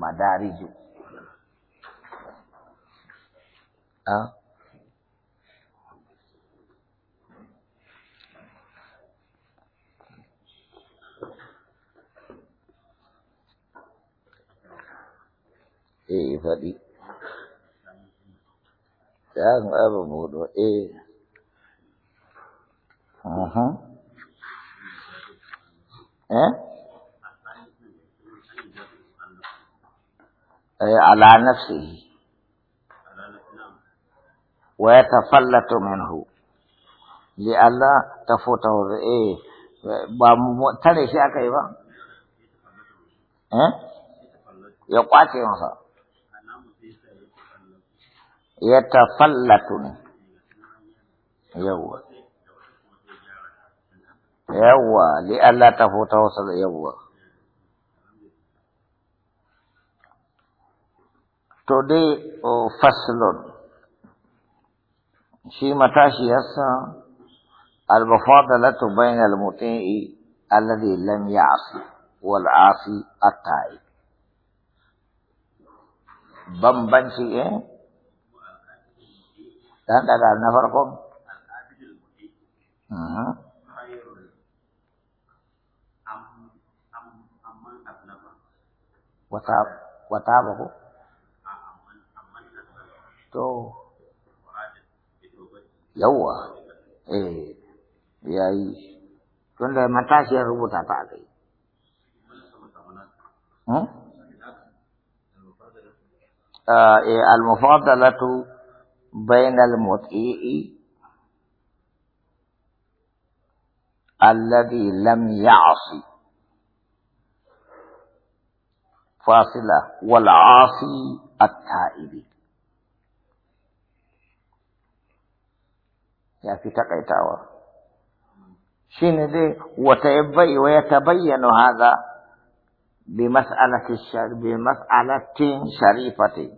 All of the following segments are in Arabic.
madariju a eh faɗi tsarin abin hudu eh aha eh ala nafsihi wa yatafallatu minhu li Allah eh ba mu tare shi aka yi ba eh ya kwace masa ya tafallatu ne yawwa yawwa li Allah tafutahu yawwa to dai oh, faslon shi matashi المفاضلة بين المطيع الذي لم يعصي والعاصي التائب bambanci eh dan daga na farko uh-huh. wata wata تو yawwa اي yayi tunda matashiyar rubuta ta akai المفاضلة بين المطيع الذي لم يعصي فاصلة والعاصي التائب يا في تقيتاوا شين دي وتيبي ويتبين هذا بمسألة الشر بمسألة شريفة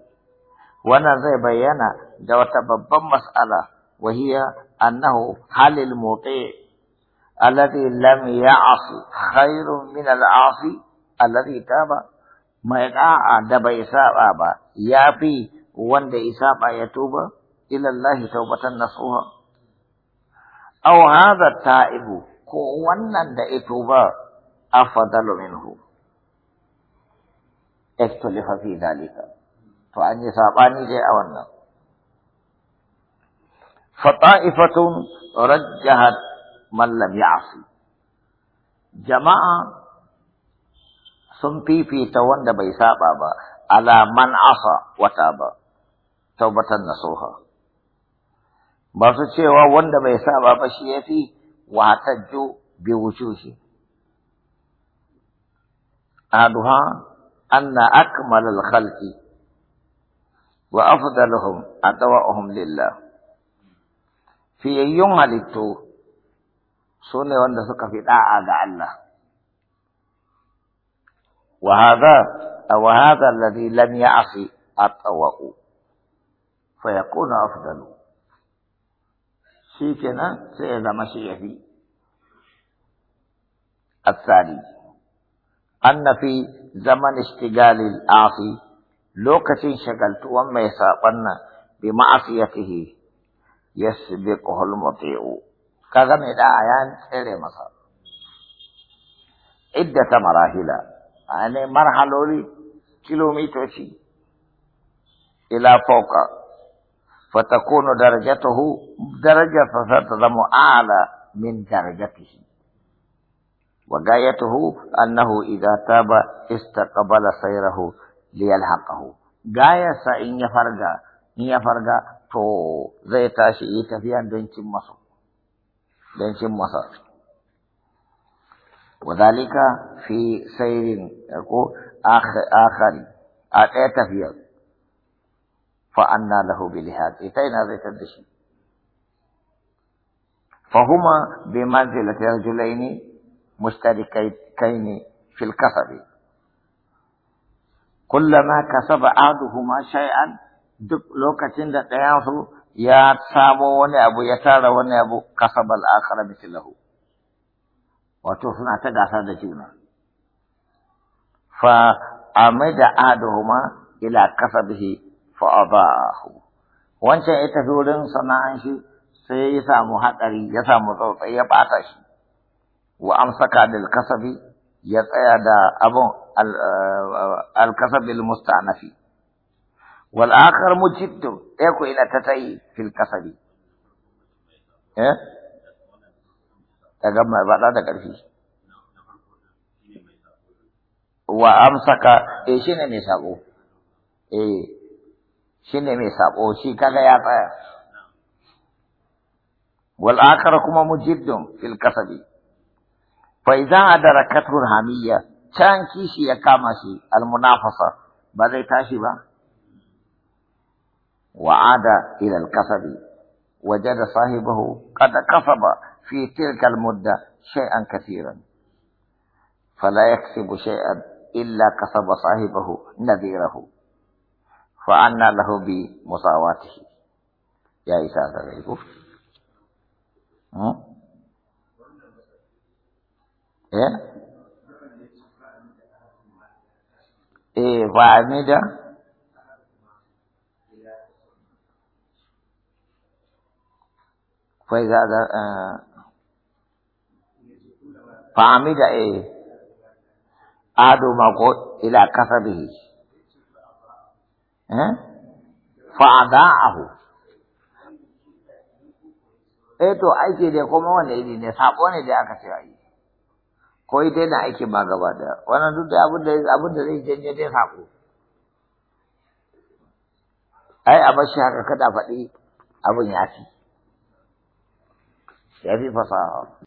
وانا ذي بيانا دو مسألة وهي أنه حال المطيع الذي لم يعصي خير من العاصي الذي تاب ما يقع دب إساب آبا يابي وند إساب يتوب إلى الله توبة نصوها أو هذا التائب كوانا اتوبا أفضل منه اختلف في ذلك فأني ساباني جاء أولنا فطائفة رجحت من لم يعصي جماعة سنتي في wanda bai على من عصى وتابا توبة wata masu cewa wanda bai saba ba shi yafi fi watajju bi wujuhi aduha anna akmal al khalqi wa afdaluhum atawahum lillah fiyayyun halittu su ne wanda suka fi da'a ga Allah wa hadha wa hadha alladhi lam ya'si atawahu fa yakunu afdaluhu shi سيدا مسيحي الثاني أن في زمن اشتغال الآخي لو لوكة شغلت وما يساقن بمعصيته يسبقه المطيع كذا من آيان إلي مصر عدة مراحل يعني مرحلة لي كيلومتر إلى فوق فتكون درجته درجة ستضم أعلى من درجته وغايته أنه إذا تاب استقبل سيره ليلحقه غاية سإن يفرغ إن يفرغ تو زي تاشي يتفيا إيه دونشي مصر دونشي مصر وذلك في سير آخر آخر آخر تفيا فأنا له بلهاد إتينا ذات الدشن فهما بمنزلة رجلين مشتركين في الكسب كلما كسب أعدهما شيئا لو كتن دقياته يا تسابو وني أبو يسار وني كسب الآخر مثله وتوفنا تقاسا دشينا فأمد أعدهما إلى كسبه fa abahu wancan ita wurin sana'an shi sai ya samu hatsari ya samu tsautsai ya ɓata shi wa amsaka bil kasabi ya tsaya da abun al eh, kasabil musta'nafi wal akhar mujiddu ɗaya ko ina ta tayi fil kasabi eh daga mai faɗa da ƙarfi wa amsaka eh shine mai sako eh shi ne mai sabo shi kaga ya tsaya wal akhar kuma mujiddun fil kasabi fa idza adarakatul hamiyya can kishi ya kama shi al munafasa ba zai tashi ba وعاد إلى الكسب وجد صاحبه قد كسب في تلك المدة شيئا كثيرا فلا يكسب شيئا إلا كسب صاحبه نذيره fa anna lahu bi musawatihi ya isa da rai hmm? eh fa fa iza da eh. fa amida eh adu ma ila kasabihi Eh? fa'ada'ahu E to aiki dai kuma wanda iri ne sabo ne da aka ce yi. ko ita na aiki ba gaba da wannan duk da abin da zai janye dai sabo ai a bashi haka kada faɗi abin ya fi ya fi fasaha